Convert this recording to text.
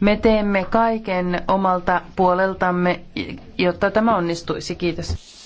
Me teemme kaiken omalta puoleltamme, jotta tämä onnistuisi. Kiitos.